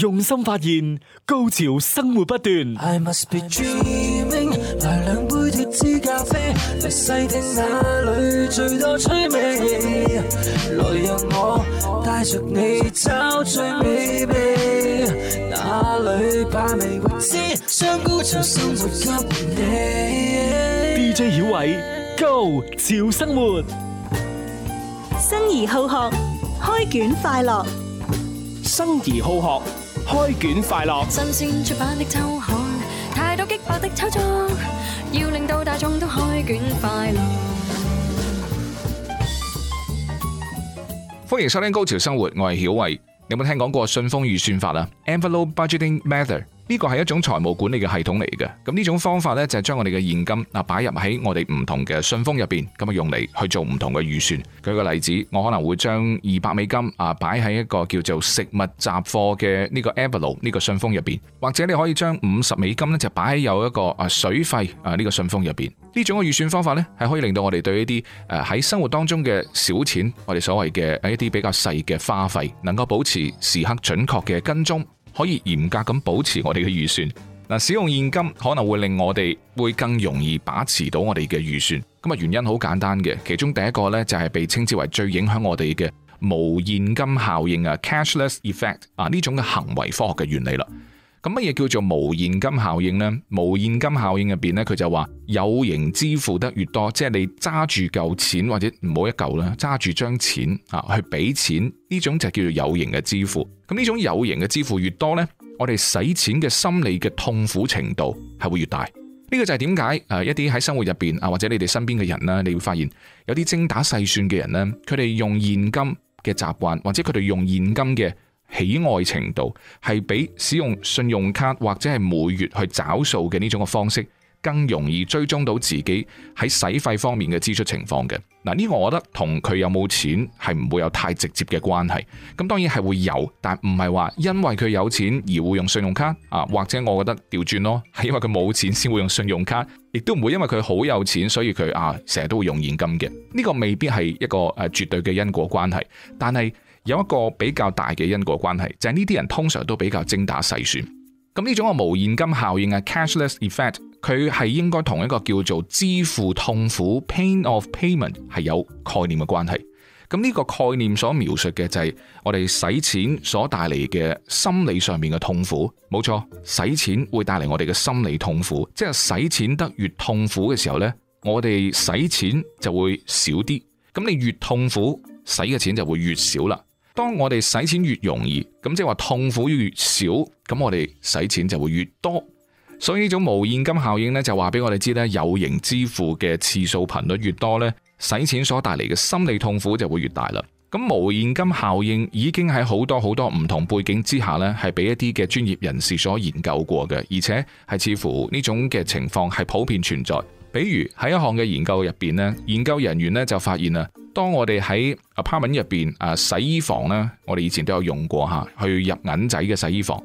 用心發現，高潮生活不斷。I must be dreaming，來兩杯脫脂咖啡，細聽那裏最多趣味。來讓我帶着我你找最美秘，哪裏把味。先我，雙高潮生活給你。DJ 曉偉，高潮生活。生而好學，開卷快樂。生而好學。開卷快樂，新鮮出版的周刊，太多激爆的炒作，要令到大眾都開卷快樂。歡迎收聽《高潮生活》，我係曉慧，有冇聽講過信封預算法啊？Envelope budgeting method。呢個係一種財務管理嘅系統嚟嘅，咁呢種方法呢，就係將我哋嘅現金啊擺入喺我哋唔同嘅信封入邊，咁啊用嚟去做唔同嘅預算。舉個例子，我可能會將二百美金啊擺喺一個叫做食物雜貨嘅呢個 Envelope 呢個信封入邊，或者你可以將五十美金呢，就擺喺有一個啊水費啊呢個信封入邊。呢種嘅預算方法呢，係可以令到我哋對呢啲誒喺生活當中嘅小錢，我哋所謂嘅一啲比較細嘅花費，能夠保持時刻準確嘅跟蹤。可以嚴格咁保持我哋嘅預算，嗱使用現金可能會令我哋會更容易把持到我哋嘅預算，咁啊原因好簡單嘅，其中第一個呢，就係被稱之為最影響我哋嘅無現金效應啊 （Cashless Effect） 啊呢種嘅行為科學嘅原理啦。咁乜嘢叫做無現金效應呢？無現金效應入邊咧，佢就話有形支付得越多，即係你揸住嚿錢或者唔好一嚿啦，揸住張錢啊去俾錢，呢種就叫做有形嘅支付。咁呢種有形嘅支付越多呢，我哋使錢嘅心理嘅痛苦程度係會越大。呢、呢個就係點解誒一啲喺生活入邊啊或者你哋身邊嘅人呢，你會發現有啲精打細算嘅人呢，佢哋用現金嘅習慣或者佢哋用現金嘅喜愛程度係比使用信用卡或者係每月去找數嘅呢種嘅方式，更容易追蹤到自己喺使費方面嘅支出情況嘅。嗱，呢個我覺得同佢有冇錢係唔會有太直接嘅關係。咁當然係會有，但唔係話因為佢有錢而會用信用卡啊，或者我覺得調轉咯，係因為佢冇錢先會用信用卡，亦都唔會因為佢好有錢所以佢啊成日都會用現金嘅。呢個未必係一個誒絕對嘅因果關係，但係，有一個比較大嘅因果關係，就係呢啲人通常都比較精打細算。咁呢種嘅無現金效應啊 （cashless effect），佢係應該同一個叫做支付痛苦 （pain of payment） 係有概念嘅關係。咁呢個概念所描述嘅就係我哋使錢所帶嚟嘅心理上面嘅痛苦。冇錯，使錢會帶嚟我哋嘅心理痛苦。即係使錢得越痛苦嘅時候呢，我哋使錢就會少啲。咁你越痛苦，使嘅錢就會越少啦。當我哋使錢越容易，咁即係話痛苦越少，咁我哋使錢就會越多。所以呢種無現金效應咧，就話俾我哋知咧，有形支付嘅次數頻率越多咧，使錢所帶嚟嘅心理痛苦就會越大啦。咁無現金效應已經喺好多好多唔同背景之下咧，係俾一啲嘅專業人士所研究過嘅，而且係似乎呢種嘅情況係普遍存在。比如喺一項嘅研究入邊，咧，研究人員咧就發現啊，當我哋喺 apartment 入邊啊洗衣房咧，我哋以前都有用過吓去入銀仔嘅洗衣房。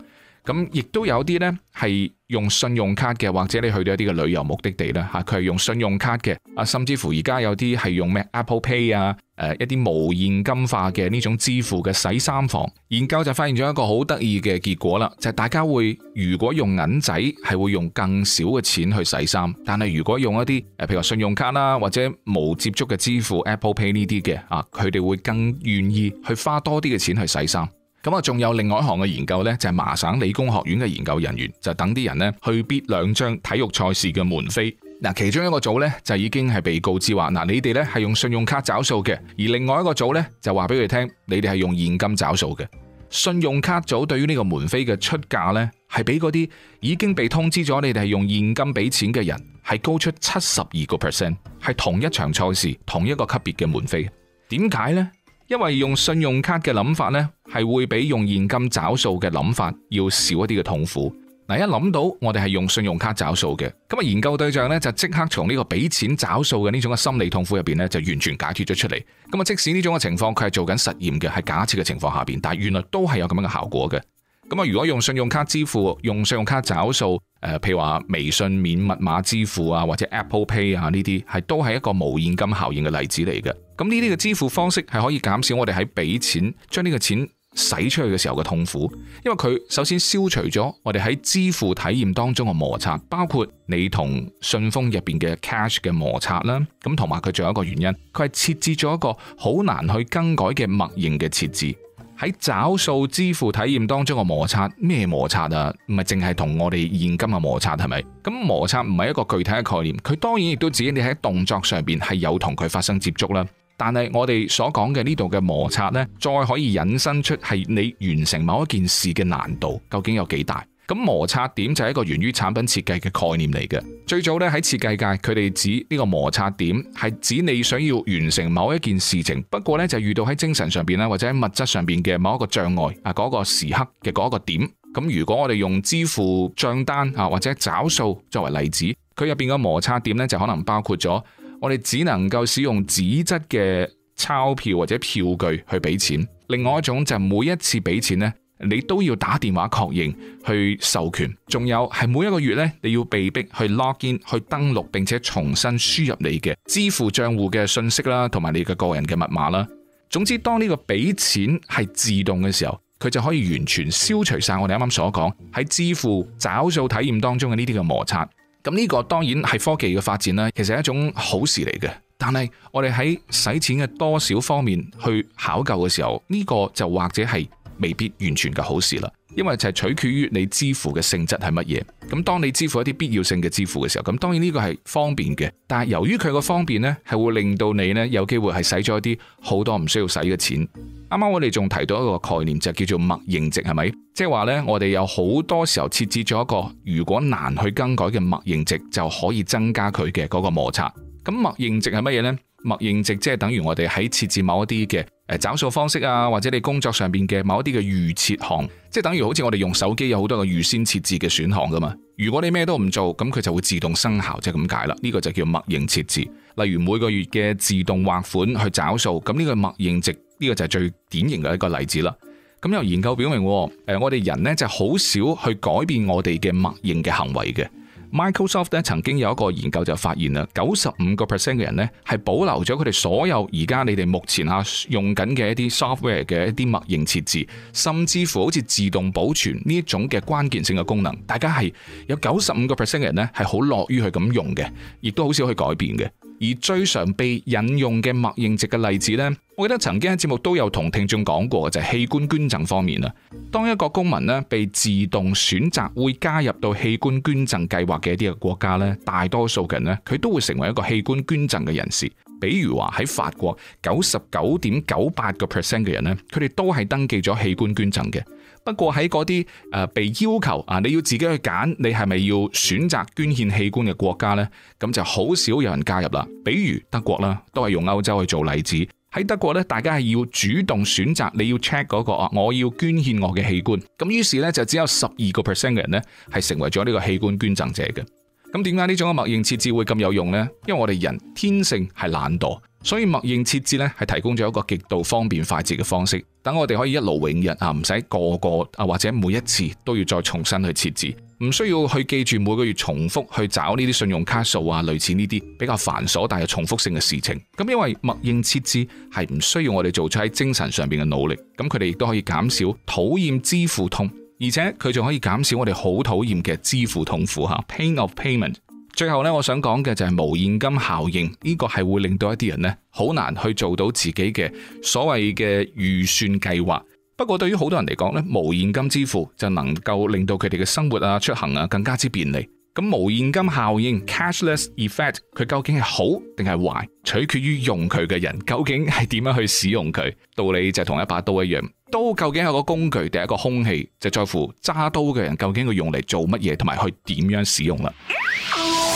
咁亦都有啲呢，係用信用卡嘅，或者你去到一啲嘅旅遊目的地呢，吓佢係用信用卡嘅。啊，甚至乎而家有啲係用咩 Apple Pay 啊，誒一啲無現金化嘅呢種支付嘅洗衫房，研究就發現咗一個好得意嘅結果啦，就係、是、大家會如果用銀仔係會用更少嘅錢去洗衫，但係如果用一啲誒譬如話信用卡啦，或者無接觸嘅支付 Apple Pay 呢啲嘅啊，佢哋會更願意去花多啲嘅錢去洗衫。咁啊，仲有另外一項嘅研究咧，就係麻省理工學院嘅研究人員就等啲人咧去 bid 兩張體育賽事嘅門飛。嗱，其中一個組咧就已經係被告知話，嗱，你哋咧係用信用卡找數嘅，而另外一個組咧就話俾佢聽，你哋係用現金找數嘅。信用卡組對於呢個門飛嘅出價咧，係比嗰啲已經被通知咗你哋係用現金俾錢嘅人係高出七十二個 percent，係同一場賽事同一個級別嘅門飛。點解咧？因為用信用卡嘅諗法呢，係會比用現金找數嘅諗法要少一啲嘅痛苦。嗱，一諗到我哋係用信用卡找數嘅，咁啊研究對象呢，就即刻從呢個俾錢找數嘅呢種嘅心理痛苦入邊呢，就完全解脫咗出嚟。咁啊，即使呢種嘅情況佢係做緊實驗嘅，係假設嘅情況下邊，但係原來都係有咁樣嘅效果嘅。咁啊，如果用信用卡支付，用信用卡找數，誒、呃，譬如話微信免密碼支付啊，或者 Apple Pay 啊呢啲，係都係一個無現金效應嘅例子嚟嘅。咁呢啲嘅支付方式係可以減少我哋喺俾錢，將呢個錢使出去嘅時候嘅痛苦，因為佢首先消除咗我哋喺支付體驗當中嘅摩擦，包括你同信封入邊嘅 cash 嘅摩擦啦。咁同埋佢仲有一個原因，佢係設置咗一個好難去更改嘅默認嘅設置。喺找數支付體驗當中嘅摩擦，咩摩擦啊？唔係淨係同我哋現今嘅摩擦係咪？咁摩擦唔係一個具體嘅概念，佢當然亦都指你喺動作上邊係有同佢發生接觸啦。但係我哋所講嘅呢度嘅摩擦呢，再可以引申出係你完成某一件事嘅難度究竟有幾大。咁摩擦點就係一個源於產品設計嘅概念嚟嘅。最早咧喺設計界，佢哋指呢個摩擦點係指你想要完成某一件事情，不過咧就遇到喺精神上邊咧或者喺物質上邊嘅某一個障礙啊，嗰一個時刻嘅嗰一個點。咁如果我哋用支付帳單啊或者找數作為例子，佢入邊嘅摩擦點咧就可能包括咗我哋只能夠使用紙質嘅鈔票或者票據去俾錢。另外一種就係每一次俾錢呢。你都要打電話確認去授權，仲有係每一個月咧，你要被逼去 log in 去登錄，並且重新輸入你嘅支付賬戶嘅信息啦，同埋你嘅個人嘅密碼啦。總之，當呢個俾錢係自動嘅時候，佢就可以完全消除晒我哋啱啱所講喺支付找數體驗當中嘅呢啲嘅摩擦。咁呢個當然係科技嘅發展啦，其實係一種好事嚟嘅。但係我哋喺使錢嘅多少方面去考究嘅時候，呢個就或者係。未必完全嘅好事啦，因為就係取決於你支付嘅性質係乜嘢。咁當你支付一啲必要性嘅支付嘅時候，咁當然呢個係方便嘅，但係由於佢個方便咧，係會令到你咧有機會係使咗一啲好多唔需要使嘅錢。啱啱我哋仲提到一個概念就叫做默認值，係咪？即係話咧，我哋有好多時候設置咗一個如果難去更改嘅默認值，就可以增加佢嘅嗰個摩擦。咁默認值係乜嘢咧？默認值即係等於我哋喺設置某一啲嘅誒找數方式啊，或者你工作上邊嘅某一啲嘅預設項，即係等於好似我哋用手機有好多個預先設置嘅選項噶嘛。如果你咩都唔做，咁佢就會自動生效，即係咁解啦。呢個就叫默認設置。例如每個月嘅自動劃款去找數，咁呢個默認值呢個就係最典型嘅一個例子啦。咁有研究表明，誒我哋人呢就好少去改變我哋嘅默認嘅行為嘅。Microsoft 咧曾經有一個研究就發現啦，九十五個 percent 嘅人咧係保留咗佢哋所有而家你哋目前啊用緊嘅一啲 software 嘅一啲默認設置，甚至乎好似自動保存呢一種嘅關鍵性嘅功能，大家係有九十五個 percent 嘅人咧係好樂於去咁用嘅，亦都好少去改變嘅。而最常被引用嘅默認值嘅例子呢，我記得曾經喺節目都有同聽眾講過嘅就係器官捐贈方面啦。當一個公民咧被自動選擇會加入到器官捐贈計劃嘅一啲嘅國家咧，大多數嘅人咧佢都會成為一個器官捐贈嘅人士。比如話喺法國，九十九點九八個 percent 嘅人咧，佢哋都係登記咗器官捐贈嘅。不過喺嗰啲誒被要求啊，你要自己去揀，你係咪要選擇捐獻器官嘅國家呢？咁就好少有人加入啦。比如德國啦，都係用歐洲去做例子。喺德國咧，大家係要主動選擇，你要 check 嗰個啊，我要捐獻我嘅器官。咁於是呢，就只有十二個 percent 嘅人呢係成為咗呢個器官捐贈者嘅。咁點解呢種嘅默認設置會咁有用呢？因為我哋人天性係懶惰。所以默認設置咧係提供咗一個極度方便快捷嘅方式，等我哋可以一勞永逸啊，唔使個個啊或者每一次都要再重新去設置，唔需要去記住每個月重複去找呢啲信用卡數啊，類似呢啲比較繁瑣但係重複性嘅事情。咁因為默認設置係唔需要我哋做出喺精神上邊嘅努力，咁佢哋亦都可以減少討厭支付痛，而且佢仲可以減少我哋好討厭嘅支付痛苦吓，pain of payment。最後咧，我想講嘅就係無現金效應，呢個係會令到一啲人咧好難去做到自己嘅所謂嘅預算計劃。不過對於好多人嚟講呢，無現金支付就能夠令到佢哋嘅生活啊、出行啊更加之便利。咁無現金效應 （cashless effect） 佢究竟係好定係壞，取決於用佢嘅人究竟係點樣去使用佢。道理就同一把刀一樣，刀究竟係個工具定係個凶器，就是、在乎揸刀嘅人究竟佢用嚟做乜嘢，同埋去點樣使用啦。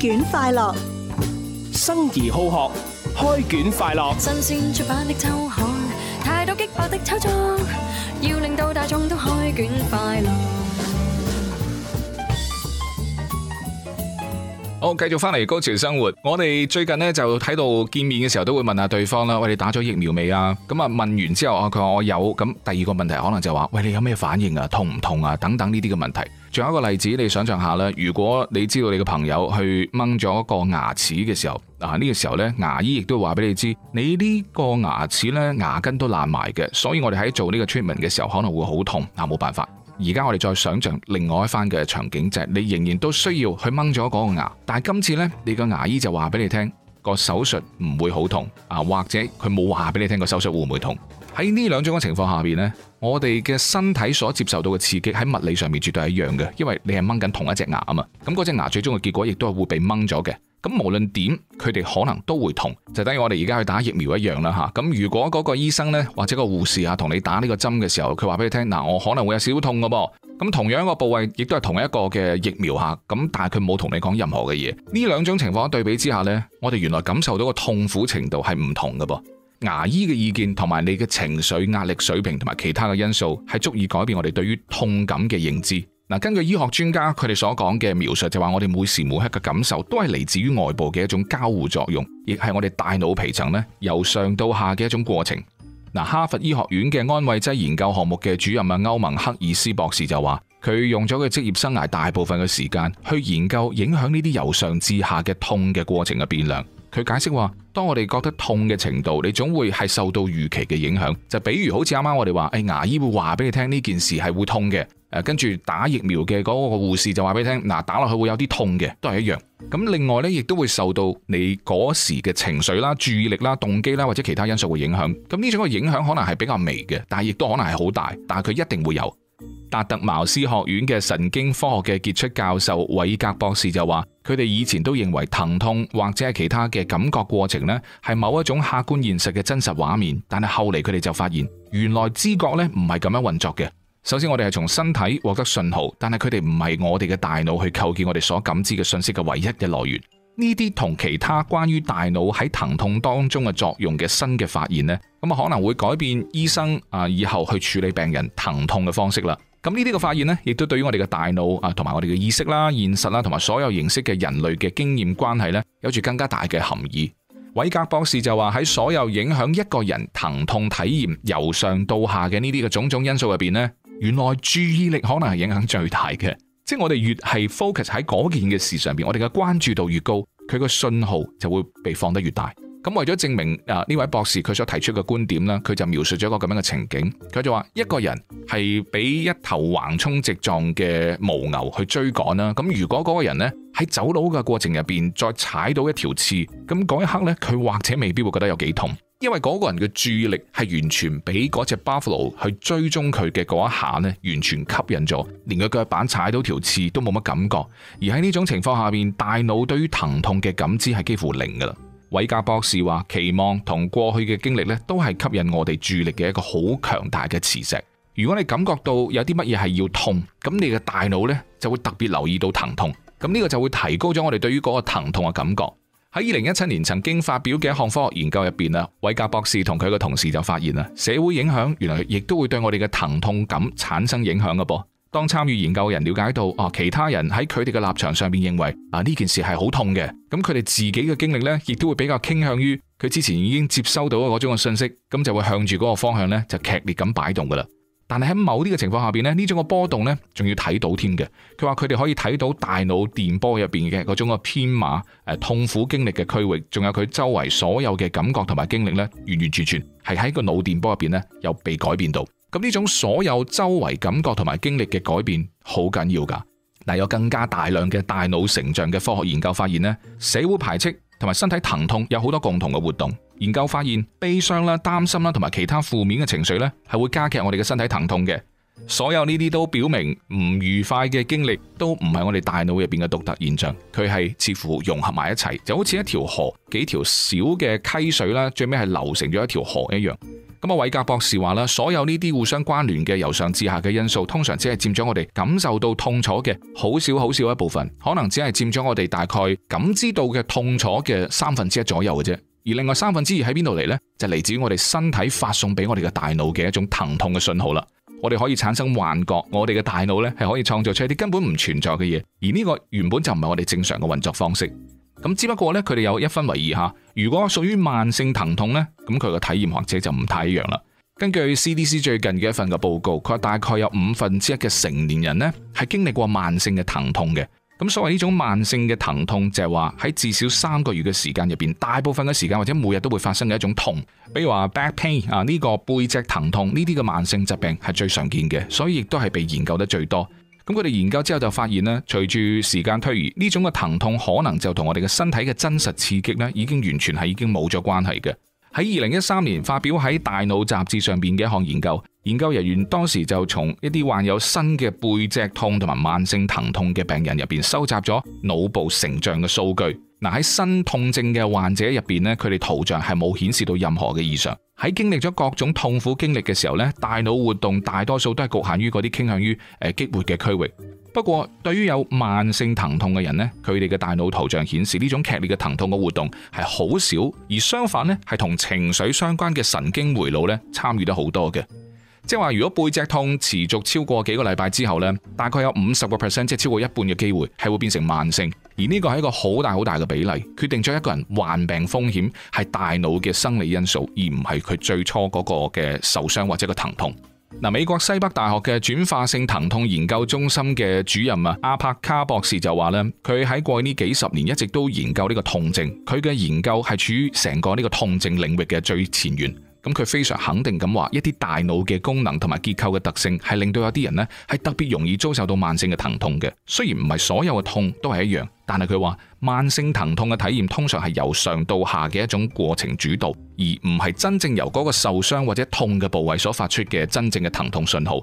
卷快樂，生而好學，開卷快樂。新鮮出版的週刊，太多激爆的炒作，要令到大眾都開卷快樂。好，繼續翻嚟《高潮生活》，我哋最近呢，就睇到見面嘅時候都會問下對方啦。喂，你打咗疫苗未啊？咁啊，問完之後啊，佢話我有。咁第二個問題可能就話，喂，你有咩反應啊？痛唔痛啊？等等呢啲嘅問題。仲有一個例子，你想象下啦，如果你知道你嘅朋友去掹咗個牙齒嘅時候，啊呢、呢個時候呢，牙醫亦都話俾你知，你呢個牙齒呢，牙根都爛埋嘅，所以我哋喺做呢個 treatment 嘅時候可能會好痛，啊冇辦法。而家我哋再想象另外一番嘅場景，就係你仍然都需要去掹咗嗰個牙，但係今次呢，你個牙醫就話俾你聽個手術唔會好痛，啊或者佢冇話俾你聽個手術會唔會痛。喺呢兩種嘅情況下邊呢，我哋嘅身體所接受到嘅刺激喺物理上面絕對係一樣嘅，因為你係掹緊同一隻牙啊嘛，咁嗰隻牙最終嘅結果亦都係會被掹咗嘅。咁無論點，佢哋可能都會痛，就等於我哋而家去打疫苗一樣啦嚇。咁如果嗰個醫生呢，或者個護士啊同你打呢個針嘅時候，佢話俾你聽嗱，我可能會有少少痛㗎噃。咁同樣一個部位亦都係同一個嘅疫苗嚇，咁但係佢冇同你講任何嘅嘢。呢兩種情況對比之下呢，我哋原來感受到個痛苦程度係唔同嘅噃。牙醫嘅意見同埋你嘅情緒壓力水平同埋其他嘅因素，係足以改變我哋對於痛感嘅認知。嗱，根據醫學專家佢哋所講嘅描述，就話我哋每時每刻嘅感受都係嚟自於外部嘅一種交互作用，亦係我哋大腦皮層呢由上到下嘅一種過程。嗱，哈佛醫學院嘅安慰劑研究項目嘅主任啊歐文克爾斯博士就話，佢用咗佢職業生涯大部分嘅時間去研究影響呢啲由上至下嘅痛嘅過程嘅變量。佢解釋話，當我哋覺得痛嘅程度，你總會係受到預期嘅影響。就比如好似啱啱我哋話，誒、哎、牙醫會話俾你聽呢件事係會痛嘅，誒跟住打疫苗嘅嗰個護士就話俾你聽，嗱打落去會有啲痛嘅，都係一樣。咁另外呢，亦都會受到你嗰時嘅情緒啦、注意力啦、動機啦或者其他因素嘅影響。咁呢種嘅影響可能係比較微嘅，但係亦都可能係好大。但係佢一定會有。達特茅斯學院嘅神經科學嘅傑出教授韋格博士就話，佢哋以前都認為疼痛或者係其他嘅感覺過程呢，係某一種客觀現實嘅真實畫面，但係後嚟佢哋就發現，原來知覺呢唔係咁樣運作嘅。首先，我哋係從身體獲得信號，但係佢哋唔係我哋嘅大腦去構建我哋所感知嘅信息嘅唯一嘅來源。呢啲同其他關於大腦喺疼痛當中嘅作用嘅新嘅發現呢，咁啊可能會改變醫生啊以後去處理病人疼痛嘅方式啦。咁呢啲嘅發現呢，亦都對於我哋嘅大腦啊同埋我哋嘅意識啦、現實啦同埋所有形式嘅人類嘅經驗關係呢，有住更加大嘅含義。韋格博士就話喺所有影響一個人疼痛體驗由上到下嘅呢啲嘅種種因素入邊呢，原來注意力可能係影響最大嘅。即係我哋越係 focus 喺嗰件嘅事上邊，我哋嘅關注度越高，佢個信號就會被放得越大。咁為咗證明誒呢位博士佢所提出嘅觀點呢，佢就描述咗一個咁樣嘅情景。佢就話一個人係俾一頭橫衝直撞嘅牦牛去追趕啦。咁如果嗰個人呢喺走佬嘅過程入邊再踩到一條刺，咁嗰一刻呢，佢或者未必會覺得有幾痛。因為嗰個人嘅注意力係完全俾嗰隻 buffalo 去追蹤佢嘅嗰一下呢完全吸引咗，連個腳板踩到條刺都冇乜感覺。而喺呢種情況下面，大腦對於疼痛嘅感知係幾乎零噶啦。韋格博士話：期望同過去嘅經歷呢都係吸引我哋注意力嘅一個好強大嘅磁石。如果你感覺到有啲乜嘢係要痛，咁你嘅大腦呢就會特別留意到疼痛。咁呢個就會提高咗我哋對於嗰個疼痛嘅感覺。喺二零一七年曾經發表嘅一項科學研究入邊啦，韋格博士同佢嘅同事就發現啦，社會影響原來亦都會對我哋嘅疼痛感產生影響嘅噃。當參與研究嘅人了解到，啊，其他人喺佢哋嘅立場上邊認為啊，呢件事係好痛嘅，咁佢哋自己嘅經歷呢亦都會比較傾向於佢之前已經接收到嘅嗰種嘅信息，咁就會向住嗰個方向呢就劇烈咁擺動噶啦。但係喺某啲嘅情況下邊咧，呢種嘅波動咧，仲要睇到添嘅。佢話佢哋可以睇到大腦電波入邊嘅嗰種嘅編碼，誒痛苦經歷嘅區域，仲有佢周圍所有嘅感覺同埋經歷呢，完完全全係喺個腦電波入邊咧，有被改變到。咁呢種所有周圍感覺同埋經歷嘅改變，好緊要㗎。嗱，有更加大量嘅大腦成像嘅科學研究發現呢，社會排斥同埋身體疼痛有好多共同嘅活動。研究發現，悲傷啦、擔心啦，同埋其他負面嘅情緒咧，係會加劇我哋嘅身體疼痛嘅。所有呢啲都表明，唔愉快嘅經歷都唔係我哋大腦入邊嘅獨特現象，佢係似乎融合埋一齊，就好似一條河，幾條小嘅溪水啦，最尾係流成咗一條河一樣。咁啊，韋格博士話啦，所有呢啲互相關聯嘅由上至下嘅因素，通常只係佔咗我哋感受到痛楚嘅好少好少一部分，可能只係佔咗我哋大概感知到嘅痛楚嘅三分之一左右嘅啫。而另外三分之二喺邊度嚟呢？就嚟自於我哋身體發送俾我哋嘅大腦嘅一種疼痛嘅信號啦。我哋可以產生幻覺，我哋嘅大腦呢係可以創造出一啲根本唔存在嘅嘢。而呢個原本就唔係我哋正常嘅運作方式。咁只不過呢，佢哋有一分為二吓。如果屬於慢性疼痛呢，咁佢個體驗或者就唔太一樣啦。根據 CDC 最近嘅一份嘅報告，佢話大概有五分之一嘅成年人呢係經歷過慢性嘅疼痛嘅。咁所謂呢種慢性嘅疼痛，就係話喺至少三個月嘅時間入邊，大部分嘅時間或者每日都會發生嘅一種痛，比如話 back pain 啊，呢個背脊疼痛呢啲嘅慢性疾病係最常見嘅，所以亦都係被研究得最多。咁佢哋研究之後就發現呢，隨住時間推移，呢種嘅疼痛可能就同我哋嘅身體嘅真實刺激呢已經完全係已經冇咗關係嘅。喺二零一三年發表喺《大腦》雜誌上邊嘅一項研究，研究人員當時就從一啲患有新嘅背脊痛同埋慢性疼痛嘅病人入邊收集咗腦部成像嘅數據。嗱，喺新痛症嘅患者入邊咧，佢哋圖像係冇顯示到任何嘅異常。喺經歷咗各種痛苦經歷嘅時候呢，大腦活動大多數都係局限於嗰啲傾向於誒激活嘅區域。不過，對於有慢性疼痛嘅人咧，佢哋嘅大腦圖像顯示呢種劇烈嘅疼痛嘅活動係好少，而相反咧係同情緒相關嘅神經回路咧參與得好多嘅。即係話，如果背脊痛持續超過幾個禮拜之後咧，大概有五十個 percent，即係超過一半嘅機會係會變成慢性，而呢個係一個好大好大嘅比例，決定咗一個人患病風險係大腦嘅生理因素，而唔係佢最初嗰個嘅受傷或者個疼痛。嗱，美國西北大學嘅轉化性疼痛研究中心嘅主任啊，阿帕卡博士就話咧，佢喺過去呢幾十年一直都研究呢個痛症，佢嘅研究係處於成個呢個痛症領域嘅最前沿。咁佢非常肯定咁話，一啲大腦嘅功能同埋結構嘅特性，係令到有啲人呢係特別容易遭受到慢性嘅疼痛嘅。雖然唔係所有嘅痛都係一樣，但係佢話慢性疼痛嘅體驗通常係由上到下嘅一種過程主導，而唔係真正由嗰個受傷或者痛嘅部位所發出嘅真正嘅疼痛信號。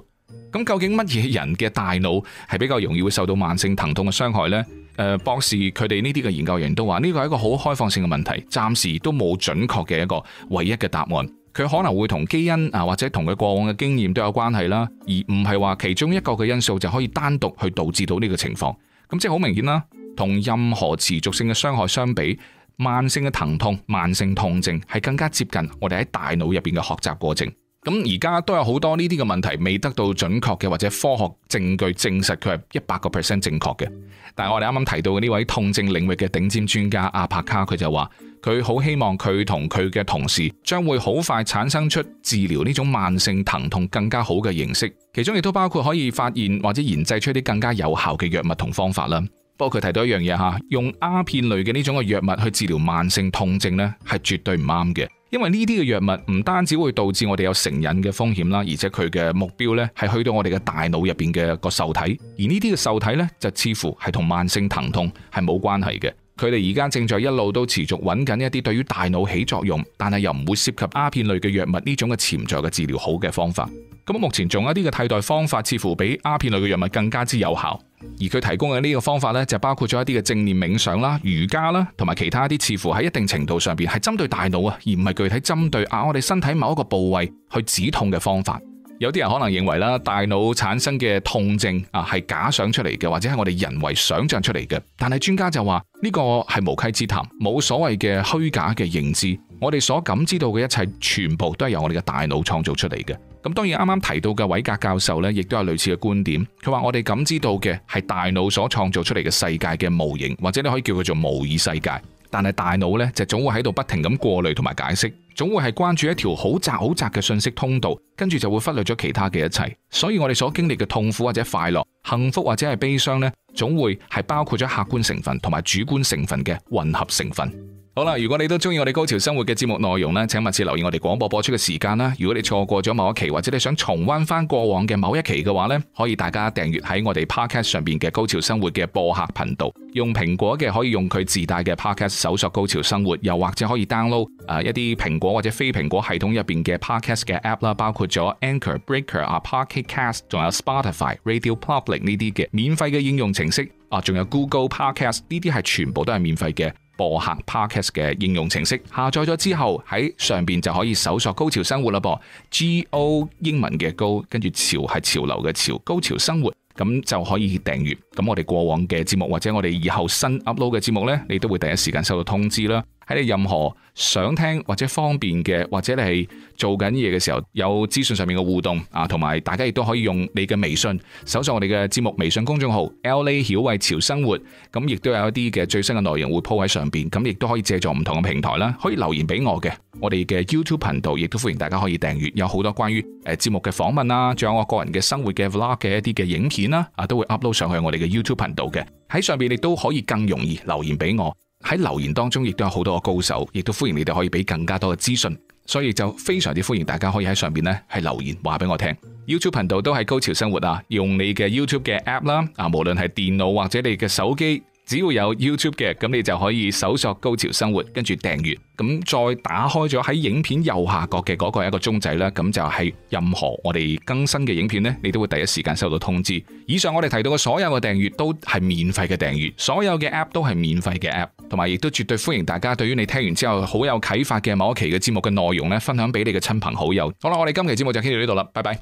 咁究竟乜嘢人嘅大腦係比較容易會受到慢性疼痛嘅傷害呢？誒、呃，博士佢哋呢啲嘅研究員都話呢個係一個好開放性嘅問題，暫時都冇準確嘅一個唯一嘅答案。佢可能會同基因啊，或者同佢過往嘅經驗都有關係啦，而唔係話其中一個嘅因素就可以單獨去導致到呢個情況。咁即係好明顯啦，同任何持續性嘅傷害相比，慢性嘅疼痛、慢性痛症係更加接近我哋喺大腦入邊嘅學習過程。咁而家都有好多呢啲嘅問題未得到準確嘅或者科學證據證實佢係一百個 percent 正確嘅。但係我哋啱啱提到嘅呢位痛症領域嘅頂尖專家阿帕卡，佢就話，佢好希望佢同佢嘅同事將會好快產生出治療呢種慢性疼痛更加好嘅形式，其中亦都包括可以發現或者研製出一啲更加有效嘅藥物同方法啦。不過，佢提到一樣嘢吓，用鴉片類嘅呢種嘅藥物去治療慢性痛症咧，係絕對唔啱嘅。因為呢啲嘅藥物唔單止會導致我哋有成癮嘅風險啦，而且佢嘅目標呢，係去到我哋嘅大腦入邊嘅個受體，而呢啲嘅受體呢，就似乎係同慢性疼痛係冇關係嘅。佢哋而家正在一路都持續揾緊一啲對於大腦起作用，但係又唔會涉及阿片類嘅藥物呢種嘅潛在嘅治療好嘅方法。咁目前仲有一啲嘅替代方法，似乎比阿片類嘅藥物更加之有效。而佢提供嘅呢個方法咧，就包括咗一啲嘅正念冥想啦、瑜伽啦，同埋其他一啲似乎喺一定程度上邊係針對大腦啊，而唔係具體針對啊我哋身體某一個部位去止痛嘅方法。有啲人可能認為啦，大腦產生嘅痛症啊係假想出嚟嘅，或者係我哋人為想象出嚟嘅。但係專家就話呢個係無稽之談，冇所謂嘅虛假嘅認知。我哋所感知到嘅一切，全部都係由我哋嘅大腦創造出嚟嘅。咁當然啱啱提到嘅偉格教授咧，亦都有類似嘅觀點。佢話：我哋感知到嘅係大腦所創造出嚟嘅世界嘅模型，或者你可以叫佢做模擬世界。但係大腦咧就總會喺度不停咁過濾同埋解釋，總會係關注一條好窄好窄嘅信息通道，跟住就會忽略咗其他嘅一切。所以我哋所經歷嘅痛苦或者快樂、幸福或者係悲傷咧，總會係包括咗客觀成分同埋主觀成分嘅混合成分。好啦，如果你都中意我哋《高潮生活》嘅節目內容呢，請密切留意我哋廣播播出嘅時間啦。如果你錯過咗某一期，或者你想重温翻過往嘅某一期嘅話呢，可以大家訂閱喺我哋 Podcast 上邊嘅《高潮生活》嘅播客頻道。用蘋果嘅可以用佢自帶嘅 Podcast 搜索《高潮生活》，又或者可以 download 誒一啲蘋果或者非蘋果系統入邊嘅 Podcast 嘅 app 啦，包括咗 Anchor、Breaker 啊、Pocket Cast，仲有 Spotify、Radio Public 呢啲嘅免費嘅應用程式啊，仲有 Google Podcast 呢啲係全部都係免費嘅。播客 podcast 嘅應用程式下載咗之後，喺上邊就可以搜索高潮生活啦噃。G O 英文嘅高，跟住潮係潮流嘅潮，高潮生活咁就可以訂閱。咁我哋過往嘅節目或者我哋以後新 upload 嘅節目呢，你都會第一時間收到通知啦。喺你任何想聽或者方便嘅，或者你係做緊嘢嘅時候，有資訊上面嘅互動啊，同埋大家亦都可以用你嘅微信搜索我哋嘅節目微信公眾號 LA 曉慧潮生活，咁、嗯、亦都有一啲嘅最新嘅內容會鋪喺上邊，咁亦都可以借助唔同嘅平台啦，可以留言俾我嘅。我哋嘅 YouTube 頻道亦都歡迎大家可以訂閱，有好多關於誒節目嘅訪問啦，仲有我個人嘅生活嘅 Vlog 嘅一啲嘅影片啦，啊都會 upload 上去我哋嘅 YouTube 頻道嘅，喺上邊你都可以更容易留言俾我。喺留言當中，亦都有好多個高手，亦都歡迎你哋可以俾更加多嘅資訊，所以就非常之歡迎大家可以喺上面呢係留言話俾我聽。YouTube 頻道都係高潮生活啊，用你嘅 YouTube 嘅 App 啦，啊，無論係電腦或者你嘅手機。只要有 YouTube 嘅，咁你就可以搜索高潮生活，跟住訂閱，咁再打開咗喺影片右下角嘅嗰個一個鐘仔啦，咁就係任何我哋更新嘅影片呢，你都會第一時間收到通知。以上我哋提到嘅所有嘅訂閱都係免費嘅訂閱，所有嘅 App 都係免費嘅 App，同埋亦都絕對歡迎大家對於你聽完之後好有啟發嘅某一期嘅節目嘅內容呢，分享俾你嘅親朋好友。好啦，我哋今期節目就傾到呢度啦，拜拜。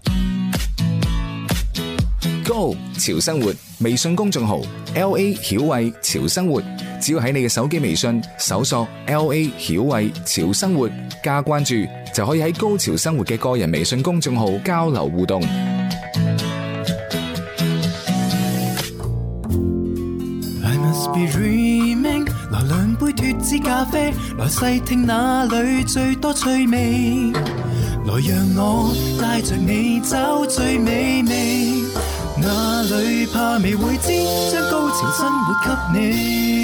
高潮生活微信公眾號 L A 曉慧潮生活，只要喺你嘅手機微信搜索 L A 曉慧潮生活加關注，就可以喺高潮生活嘅個人微信公眾號交流互動。來兩杯脫脂咖啡，來細聽哪裏最多趣味，來讓我帶着你走最美味。哪裏怕未會知，將高潮生活給你。